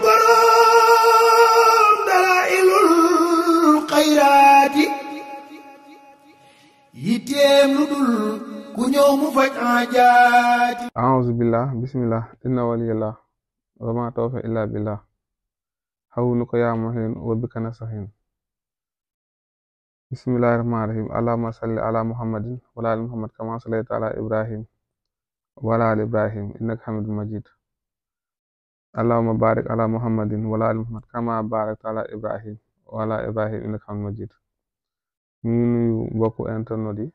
أكبر دلائل الخيرات يتيم لدل كنيو أعوذ بالله بسم الله إن ولي الله وما توفى إلا بالله حولك يا مهين وبك نصحين بسم الله الرحمن الرحيم اللهم صل على محمد وعلى محمد كما صليت على ابراهيم وعلى ال ابراهيم انك حميد مجيد اللهم بارك على محمد وعلى آل محمد كما باركت على إبراهيم وعلى آل إبراهيم إنك حميد مجيد ñu ngi nuyu mbokku internet yi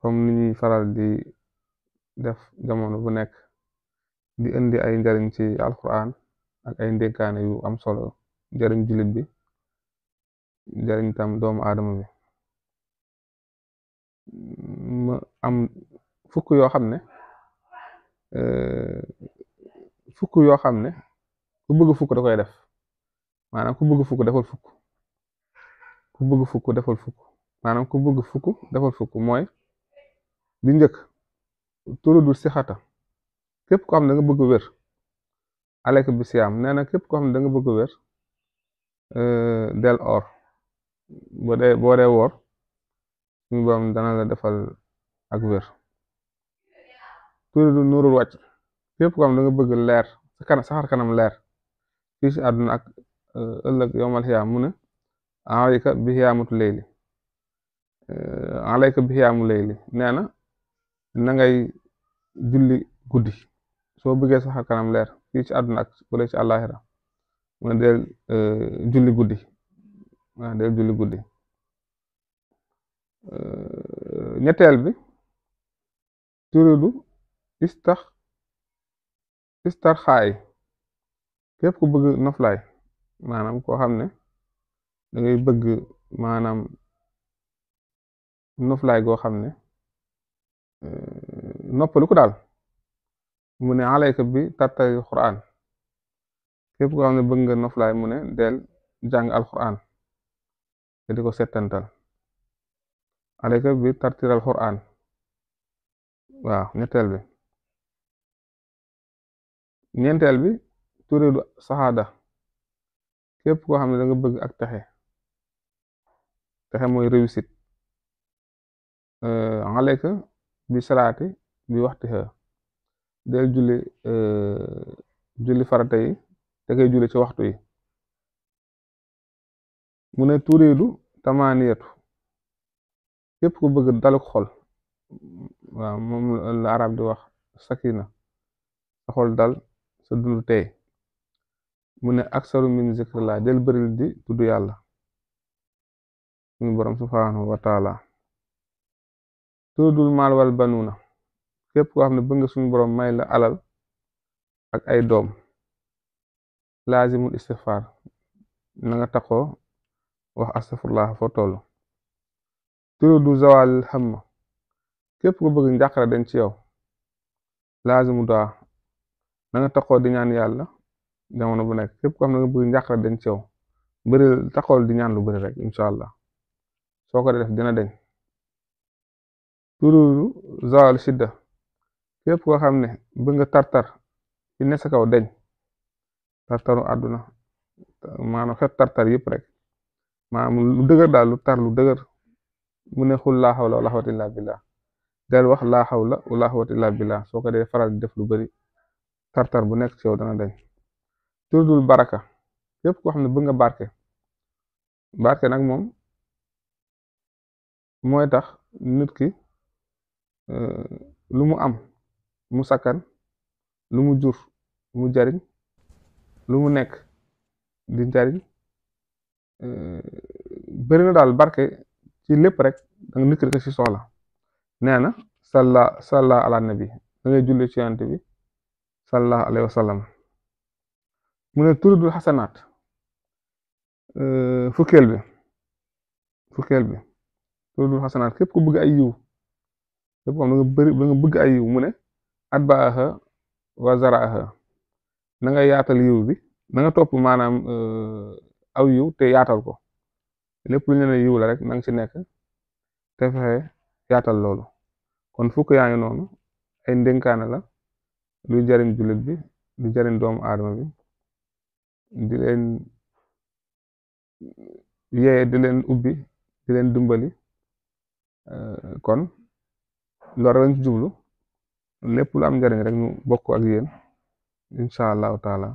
comme ni faral di def jamono bu nekk di indi ay njariñ ci alquran ak ay ndénkaane yu am solo njariñ jullit bi njariñ tam doomu aadama bi ma am fukk yoo xam ne euh, fukk yoo xam ne ku bëgg fukk da koy def maanaam ku bëgg fukk defal fukk ku bëgg fukk defal fukk maanaam ku bëgg fukk defal fukk mooy bi njëkk turadul sixata képp ko xam ne da nga bëgg wér alek bi siyaam nee na képp koo xam ne da nga bëgg wér euh, del or boo dee boo dee dana la defal ak wér turadul nuurul wàcc képp ko am bëgg leer sa kanam saxar kanam leer fii si àdduna ak euh, ëllëg yowmal xiyaam mu ne alayka bi xiyaamatu leyli euh, alayka bi xiyaamu leyli nee na na ngay julli guddi soo bëggee saxar kanam leer fii ci àdduna ak fële ci àllaaxira euh, del julli guddi waaw del julli guddi ñetteel bi turidu istax istar xaay képp ku bëgg noflaay maanaam koo xam ne da ngay bëgg maanaam noflaay goo xam ne eh, noppalu ko daal mu ne alayka bi tartari quran képp koo xam ne bëgg nga noflaay mu ne del jàng alquran te di ko settantal alayka bi tartiral quran waaw ñetteel bi ñeenteel bi turidu saxaada képp koo xam ne da bëgg ak texe texe mooy réussite euh, aleyka bi salaati bi waxti xë del julli euh, julli farata yi te koy julli ci waxtu yi mu ne turidu tamaaniyatu képp ku bëgg daluk xol waaw moom la di wax sakina sa xol dal sa dund tey mu ne aksaru min zikrillah del bëril di tudd yàlla suñu borom subhanahu wa taala turidul maal wal banuuna képp koo xam ne bëgg nga suñu borom may la alal ak ay doom laazimul istighfar na nga taxoo wax astaghfirullah foo toll turidu zawal xam képp ko bëgg njàqare den ci yow laazimu na nga di ñaan yàlla jamono bu nekk képp ko xam ne nga bëgg njàqare dañ ci yow di ñaan lu bëri rek incha allah soo ko def dina deñ turu zawal shidda képp koo xam ne bëgg nga tartar ci ne sa kaw deñ tartaru àdduna maanaam xet tartar yëpp rek maanaam lu dëgër daal lu tar lu dëgër mu ne xul laa xawla wala xawata illaa billaa wax laa xawla wala xawata illaa billaa soo ko dee faral di def lu bari tartar bu nek ci yow dana day turdul baraka képp ko xamne ne bëgg nga barke barke nag moom tax nit ki euh lumu am mu sakkan lumu jur mu jariñ lumu nek nekk di jariñ euh, bari na dal barké ci lepp rek da nga nit rek ci soxla salla salla ala nabi da ngay julli ci bi sallallahu alayhi wa sallam mu ne turidul xasanaat euh, fukkeel bi fukkeel bi turidul xasanaat képp ku bëgg ay yiw képp ko am nga bëri nga bëgg ay yiw mu ne atbaaha wa zaraaha na nga yaatal yiw bi na nga topp maanaam euh, aw yiw te yaatal ko lépp lu ñu yiw la rek na nga ci nekk te fexe yaatal loolu kon fukk yaa ngi noonu ay ndénkaane la luy jariñ jullit bi lu jariñ doomu aadama bi di leen yee ubbi di leen dimbali eh, kon loolu lañ ci jublu lépp lu am njariñ rek ñu bokk ak yéen incha allahu taala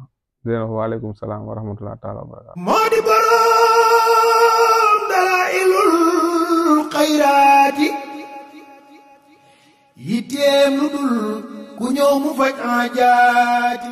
di leen salaam wa rahmatulah taala wa barakaatu ñëw mu faj aajaati